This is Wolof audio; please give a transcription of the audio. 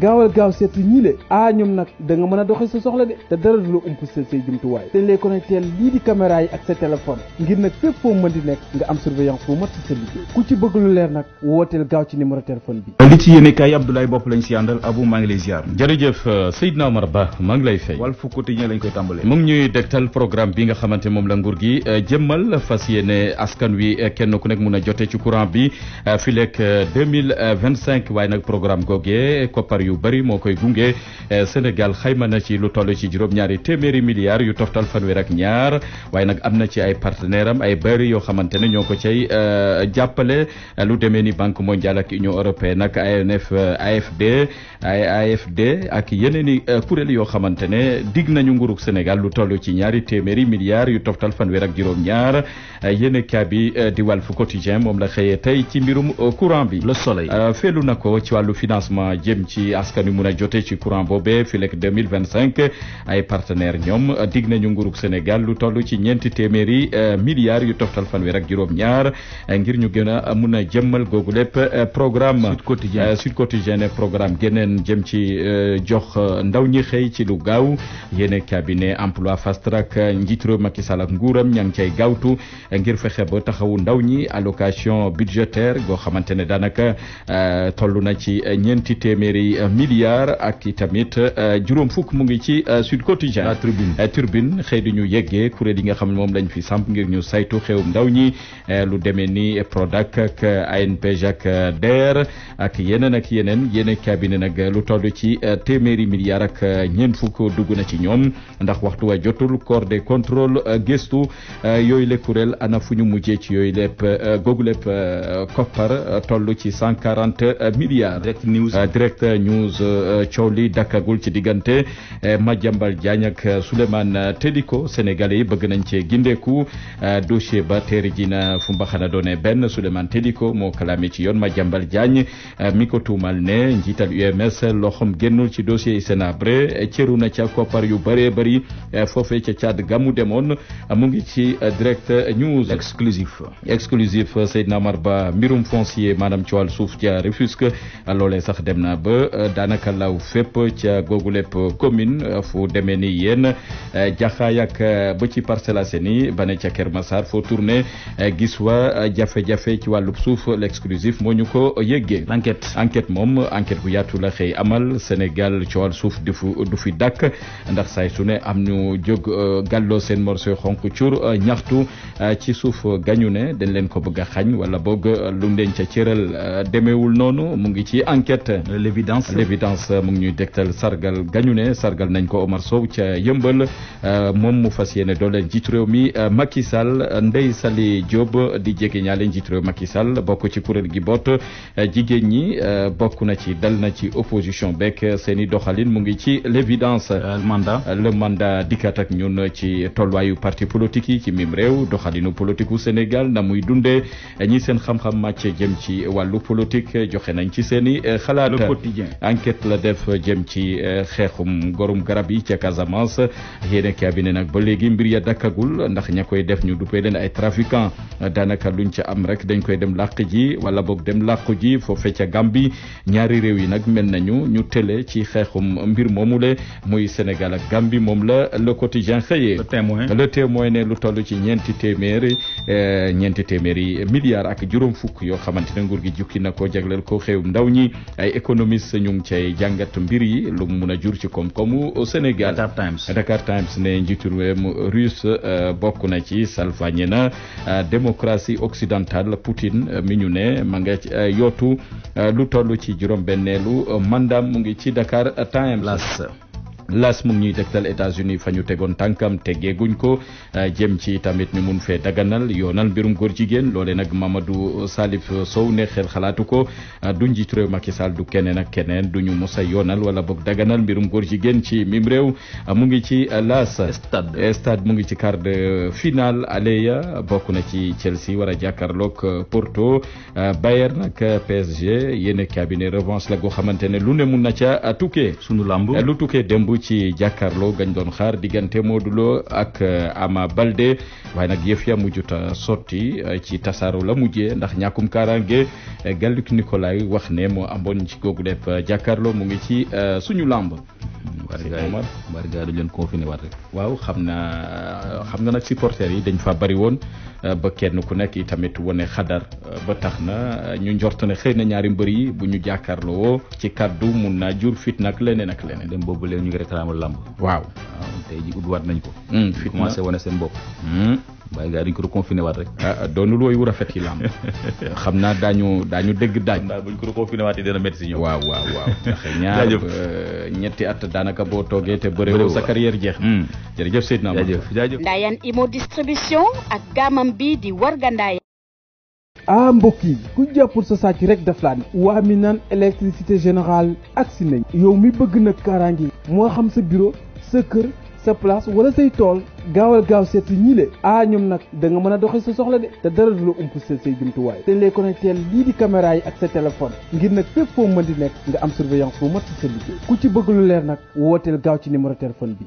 gaawal gaaw seet si ñii ah, ñoom nag da nga mën a doxee sa soxla de te dara du la umpaseel say jumtuwaay ak sa téléphone ngir nag fépp foo mën di nekk nga am surveillance bu mat sa liggéey ku ci bëgg lu leer nag wooteel gaaw ci numéro téléphone bi li ci yéene kaay Abdoulaye Bopp lañ si àndal Abou maa ngi lay ziar jërëjëf euh, Seydina Omar Ba maa ngi lay fay Walf Quotidien lañ koy tàmbalee mu ngi ñuy degtal programme bi nga xamante moom la nguur gi euh, jëmmal fas yéene askan wi euh, kenn ku nekk mun a jote ci courant bi fi lekk 2025 waaye nag programme googee koppar yu bëri moo koy gunge e, Sénégal xayma na ci lu toll ci juróom-ñaari téeméeri milliards yu toftal fanweer ak ñaar waaye nag am na ci ay partenaire am ay bëri yoo xamante ne ñoo ko cay e, jàppale lu demee ni banque mondiale ak union européenne ak ANF e, AFD AFD ak yeneen i kuréel yoo xamante ne dig nañu nguurug Sénégal lu toll ci ñaari téeméeri milliards yu toftal fanweer ak juróom-ñaar yéen kaa bi di Walf Quotidien moom la xëyee tey ci mbirum courant bi. Le Soleil yi askan wi mun a jote ci courant boobee fileeg 2025 ay partenaire ñoom dig nañu nguurug Sénégal lu toll ci ñeenti téeméeri euh, milliards yu toftal fanweer ak juróom-ñaar ngir ñu gën a mun a jëmmal googu lépp euh, programme Sud Quotidien euh, programme geneen jëm ci jox ndaw ñi xëy ci lu gaaw yéene cabinet emploi fast track njiitu réew Macky Sall ak nguuram ña ngi cay gaawtu ngir fexe ba taxawu ndaw ñi allocation budgétaire goo xamante ne daanaka toll na ci ñeenti téeméeri milliards ak i tamit euh, juróom fukk mu ngi ci euh, Sud Quotidien turbine euh, xëy di ñu yeggee kuréel yi nga xam moom lañ fi samp ngir ñu saytu xew ndaw ñi lu demee ni Prodac ak ANPEJ ak DER ak yeneen ak yeneen yeneen cabinet nag lu toll ci téeméeri milliards ak ñeent fukk dugg na ci ñoom ndax waxtu wa jotul corps des contrôles gëstu yooyu le kuréel ana fu ñu mujjee ci yooyu lépp googu lépp koppar toll ci cent quarante milliards direct news eh, coow li dakkagul ci diggante eh, majambal Diagne ak eh, Souleymane Téliko sénégalais yi bëgg nañ cee gindeeku dossier ba teeri jina fu mbaxana doone benn Souleymane Téliko moo kalaame ci yoon majambal Diagne mi ko tuumal ne njiital UMS loxom génnul ci dossier yi Hissène-Habré na ca koppar yu baree bëri foofee ca Tchad gamu demoon mu ngi ci direct news exclusif exclusif Seydina Omar Ba mbirum foncier maanaam ci wàllu suuf ja Rufisque loolee sax dem na ba Euh, daanaka laaw fépp ca googu lépp commune euh, fu demee ni yéen euh, jaxaay ak ba ci Parcelles Assainies ba ne ca Kër Massar foo tourné gis wa jafe-jafe ci wàllub suuf l'exclusif moo ñu ko yëggee. enquête enquête moom enquête bu yaatu la xëy amal Sénégal coowal suuf du du fi dàkk ndax saay su ne am ñu jóg gàlloo seen morceau xonk cuur ñaxtu ci suuf gañu ne dañ leen ko bëgg a xañ wala boog lu leen ca cëral demewul noonu mu ngi ci enquête l'évidence l'évidence euh, mu ngi ñuy dégtal sargal gañu ne sargal nañ ko Omar Sow ca yëmbal euh, moom mu fas yéene dooleel njiitu réew mi euh, Macky Sall Ndeye Sali Diop di jege ñaale njiitu réew Macky Sall bokk ci kuréel gi boot jigéen ñi bokk na ci dal na ci opposition beek seen i doxalin mu ngi ci l'évidence mandat le mandat dikkaat ak ñun ci tolluwaayu parti politique yi ci mim réew doxalinu politique Sénégal na muy dundee ñi seen xam-xam màcc jëm ci wàllu politique joxe nañ ci seen i enquête la def jëm ci euh, xeexum gorom garab yi ca Casamance yéene kaa bi ne nag ba léegi mbir ya dakkagul ndax ña koy def ñu duppee leen ay trafiquant daanaka luñ ca am rek dañ koy dem làq ji wala boog dem làqu ji foofee ca Gambie ñaari réew yi nag mel nañu ñu télé ci xeexum mbir moomule muy Sénégal ak Gambie moom la le quotidien xëyee le témoin ne lu toll ci ñeenti téeméeri euh, ñeenti téeméeri milliards ak juróom fukk yoo xamante ne nguur gi jukki na ko jagleel ko xewum ndaw ñi ay économiste ñu ngi cay jàngat mbir yi lu mun a jur ci koom-koomu Sénégal. Dakar Times Dakar Times ne njiitu réewum russe euh, bokk na ci salvañe na euh, démocratie occidentale Poutine euh, mi ñu ne ma nga yootu lu toll ci juróom-benneelu mandat mu ngi ci Dakar Times. las mu ngi ñuy tegtal États-Unis fa ñu tegoon tànkam teggeeguñ ko eh, jëm ci tamit ñu mun fee daganal yoonal mbirum góor jigéen loole nag Mamadou Salif Sow ne xel xalaatu ko eh, du njiitu réew Macky du keneen ak keneen du ñu mos a yoonal wala boog daganal mbirum góor jigéen ci mim réew eh, mu ngi ci las stade stade mu ngi ci quart de finale aleya bokk na ci Chelsea war a jàkkaarloog Porto Bayern ak PSG yéen cabinet revanche la goo xamante ne lu ne mun na ca tukkee sunu lamb lu tukkee démb ci jàkkaarloo gañ doon xaar diggante Modou Lo ak euh, Ama Balde waaye nag yëf ya mujjut a sotti euh, ci tasaaro la mujjee ndax ñàkkum kaaraange euh, Gallic Nicolay wax ne moo amoon ci googu def jàkkaarloo mu ngi ci suñu làmb waaw mbaar gaa du leen confiné waat waaw xam na xam nga nag supporters yi dañ fa bari woon euh, ba kenn ku nekk tamit wone xadar euh, ba tax na euh, ñu njort ne xëy na ñaari mbër yi bu ñu jàkkaarloo ci kaddu mun naa jur fitna ak leneen ak leneen. dem boobu leen ñu ngi réclamé lamb. waaw waaw tey ji ubbiwaat nañ ko. Hmm, fitna commencé wane seen bopp. Hmm. waaye gars yi dañu ko reconfiné waat rek. ah doonul wooyu rafet yi a xam naa daañu daañu dégg daaj. xam naa buñ ko reconfiné waatee dina métti si ñoom. waaw waaw waaw ndax ñaar euh, ñetti at daanaka boo toogee te bëriwul sa carrière jeex. Hmm. jërëjëf Seydina Amady jërëjëf jërëjëf. Ndayane Imo distribution ak gaamam bi di wargandaay. ah mbokk ku jàppul sa sàcc rek daf laa ne waa mi naan électricité générale agsi nañ yow mi bëgg nag kaaraange moo xam sa biro sa kër sa place wala say tool gaawal gaaw seet si ñi le ah nag da nga mën a doxee sa soxla de te dara du la ump sa say jumtuwaay dañ lay connecté lii di caméra ak sa téléphone ngir nag fépp foo mën di nekk nga am surveillance bu mat si sa liggéey ku ci bëgg lu leer nag wooteel gaaw ci numéro téléphone bi